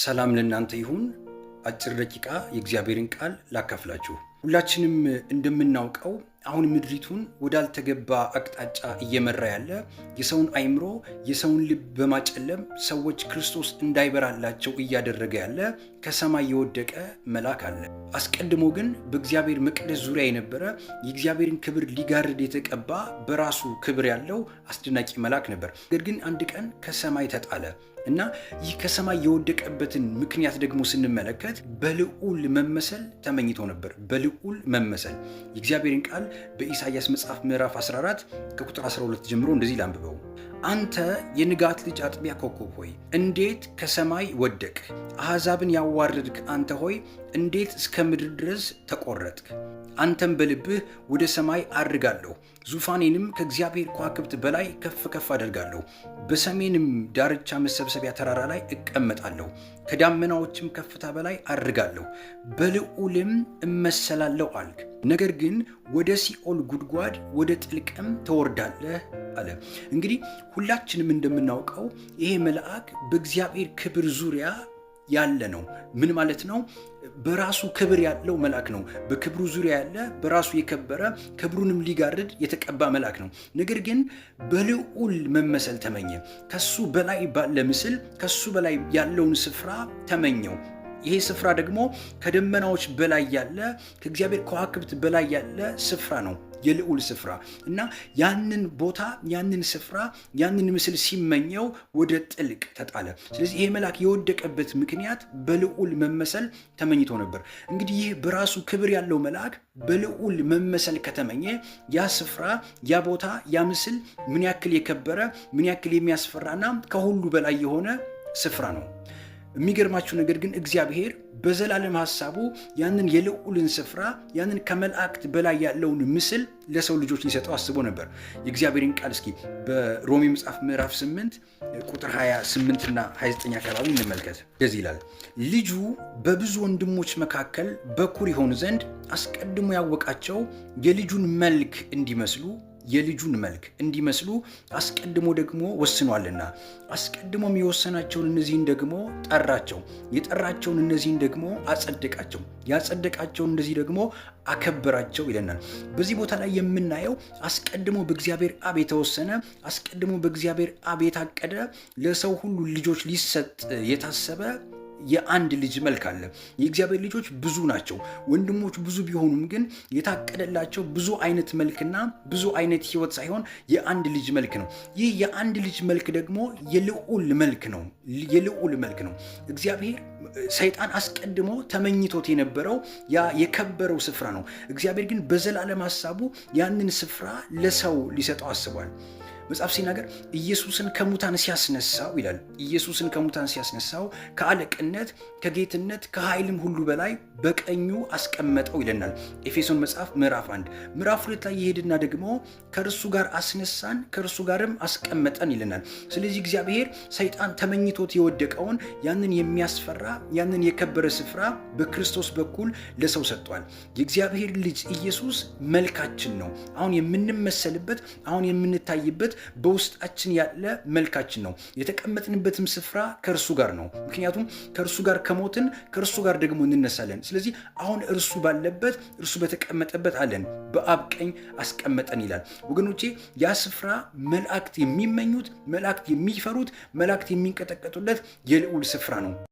ሰላም ለእናንተ ይሁን። አጭር ደቂቃ የእግዚአብሔርን ቃል ላካፍላችሁ። ሁላችንም እንደምናውቀው አሁን ምድሪቱን ወዳልተገባ አቅጣጫ እየመራ ያለ የሰውን አይምሮ፣ የሰውን ልብ በማጨለም ሰዎች ክርስቶስ እንዳይበራላቸው እያደረገ ያለ ከሰማይ የወደቀ መልአክ አለ። አስቀድሞ ግን በእግዚአብሔር መቅደስ ዙሪያ የነበረ የእግዚአብሔርን ክብር ሊጋርድ የተቀባ በራሱ ክብር ያለው አስደናቂ መልአክ ነበር። ነገር ግን አንድ ቀን ከሰማይ ተጣለ። እና ይህ ከሰማይ የወደቀበትን ምክንያት ደግሞ ስንመለከት በልዑል መመሰል ተመኝቶ ነበር። በልዑል መመሰል የእግዚአብሔርን ቃል በኢሳይያስ መጽሐፍ ምዕራፍ 14 ከቁጥር 12 ጀምሮ እንደዚህ ላንብበው። አንተ የንጋት ልጅ አጥቢያ ኮከብ ሆይ እንዴት ከሰማይ ወደቅ? አሕዛብን ያዋረድክ አንተ ሆይ እንዴት እስከ ምድር ድረስ ተቆረጥክ? አንተም በልብህ ወደ ሰማይ አድርጋለሁ ዙፋኔንም ከእግዚአብሔር ከዋክብት በላይ ከፍ ከፍ አደርጋለሁ። በሰሜንም ዳርቻ መሰብሰቢያ ተራራ ላይ እቀመጣለሁ። ከዳመናዎችም ከፍታ በላይ አድርጋለሁ፣ በልዑልም እመሰላለሁ አልክ። ነገር ግን ወደ ሲኦል ጉድጓድ፣ ወደ ጥልቅም ተወርዳለህ አለ። እንግዲህ ሁላችንም እንደምናውቀው ይሄ መልአክ በእግዚአብሔር ክብር ዙሪያ ያለ ነው። ምን ማለት ነው? በራሱ ክብር ያለው መልአክ ነው። በክብሩ ዙሪያ ያለ በራሱ የከበረ ክብሩንም ሊጋርድ የተቀባ መልአክ ነው። ነገር ግን በልዑል መመሰል ተመኘ። ከሱ በላይ ባለ ምስል ከሱ በላይ ያለውን ስፍራ ተመኘው። ይሄ ስፍራ ደግሞ ከደመናዎች በላይ ያለ ከእግዚአብሔር ከዋክብት በላይ ያለ ስፍራ ነው፣ የልዑል ስፍራ እና ያንን ቦታ ያንን ስፍራ ያንን ምስል ሲመኘው ወደ ጥልቅ ተጣለ። ስለዚህ ይሄ መልአክ የወደቀበት ምክንያት በልዑል መመሰል ተመኝቶ ነበር። እንግዲህ ይህ በራሱ ክብር ያለው መልአክ በልዑል መመሰል ከተመኘ ያ ስፍራ ያ ቦታ ያ ምስል ምን ያክል የከበረ ምን ያክል የሚያስፈራና ከሁሉ በላይ የሆነ ስፍራ ነው። የሚገርማችሁ ነገር ግን እግዚአብሔር በዘላለም ሀሳቡ ያንን የልዑልን ስፍራ ያንን ከመላእክት በላይ ያለውን ምስል ለሰው ልጆች ሊሰጠው አስቦ ነበር። የእግዚአብሔርን ቃል እስኪ በሮሜ መጽሐፍ ምዕራፍ 8 ቁጥር 28 እና 29 አካባቢ እንመልከት። እንደዚህ ይላል፣ ልጁ በብዙ ወንድሞች መካከል በኩር ይሆን ዘንድ አስቀድሞ ያወቃቸው የልጁን መልክ እንዲመስሉ የልጁን መልክ እንዲመስሉ አስቀድሞ ደግሞ ወስኗልና አስቀድሞ የወሰናቸውን እነዚህን ደግሞ ጠራቸው፣ የጠራቸውን እነዚህን ደግሞ አጸደቃቸው፣ ያጸደቃቸውን እነዚህ ደግሞ አከበራቸው ይለናል። በዚህ ቦታ ላይ የምናየው አስቀድሞ በእግዚአብሔር አብ የተወሰነ አስቀድሞ በእግዚአብሔር አብ የታቀደ ለሰው ሁሉ ልጆች ሊሰጥ የታሰበ የአንድ ልጅ መልክ አለ። የእግዚአብሔር ልጆች ብዙ ናቸው። ወንድሞች ብዙ ቢሆኑም ግን የታቀደላቸው ብዙ አይነት መልክና ብዙ አይነት ህይወት ሳይሆን የአንድ ልጅ መልክ ነው። ይህ የአንድ ልጅ መልክ ደግሞ የልዑል መልክ ነው። የልዑል መልክ ነው። እግዚአብሔር ሰይጣን አስቀድሞ ተመኝቶት የነበረው ያ የከበረው ስፍራ ነው። እግዚአብሔር ግን በዘላለም ሀሳቡ ያንን ስፍራ ለሰው ሊሰጠው አስቧል። መጽሐፍ ሲናገር ኢየሱስን ከሙታን ሲያስነሳው ይላል። ኢየሱስን ከሙታን ሲያስነሳው ከአለቅነት ከጌትነት ከኃይልም ሁሉ በላይ በቀኙ አስቀመጠው ይለናል። ኤፌሶን መጽሐፍ ምዕራፍ አንድ ምዕራፍ ሁለት ላይ የሄድና ደግሞ ከእርሱ ጋር አስነሳን ከእርሱ ጋርም አስቀመጠን ይለናል። ስለዚህ እግዚአብሔር ሰይጣን ተመኝቶት የወደቀውን ያንን የሚያስፈራ ያንን የከበረ ስፍራ በክርስቶስ በኩል ለሰው ሰጥቷል። የእግዚአብሔር ልጅ ኢየሱስ መልካችን ነው። አሁን የምንመሰልበት አሁን የምንታይበት በውስጣችን ያለ መልካችን ነው። የተቀመጥንበትም ስፍራ ከእርሱ ጋር ነው። ምክንያቱም ከእርሱ ጋር ከሞትን ከእርሱ ጋር ደግሞ እንነሳለን። ስለዚህ አሁን እርሱ ባለበት እርሱ በተቀመጠበት አለን፣ በአብ ቀኝ አስቀመጠን ይላል። ወገኖቼ ያ ስፍራ መላእክት የሚመኙት፣ መላእክት የሚፈሩት፣ መላእክት የሚንቀጠቀጡለት የልዑል ስፍራ ነው።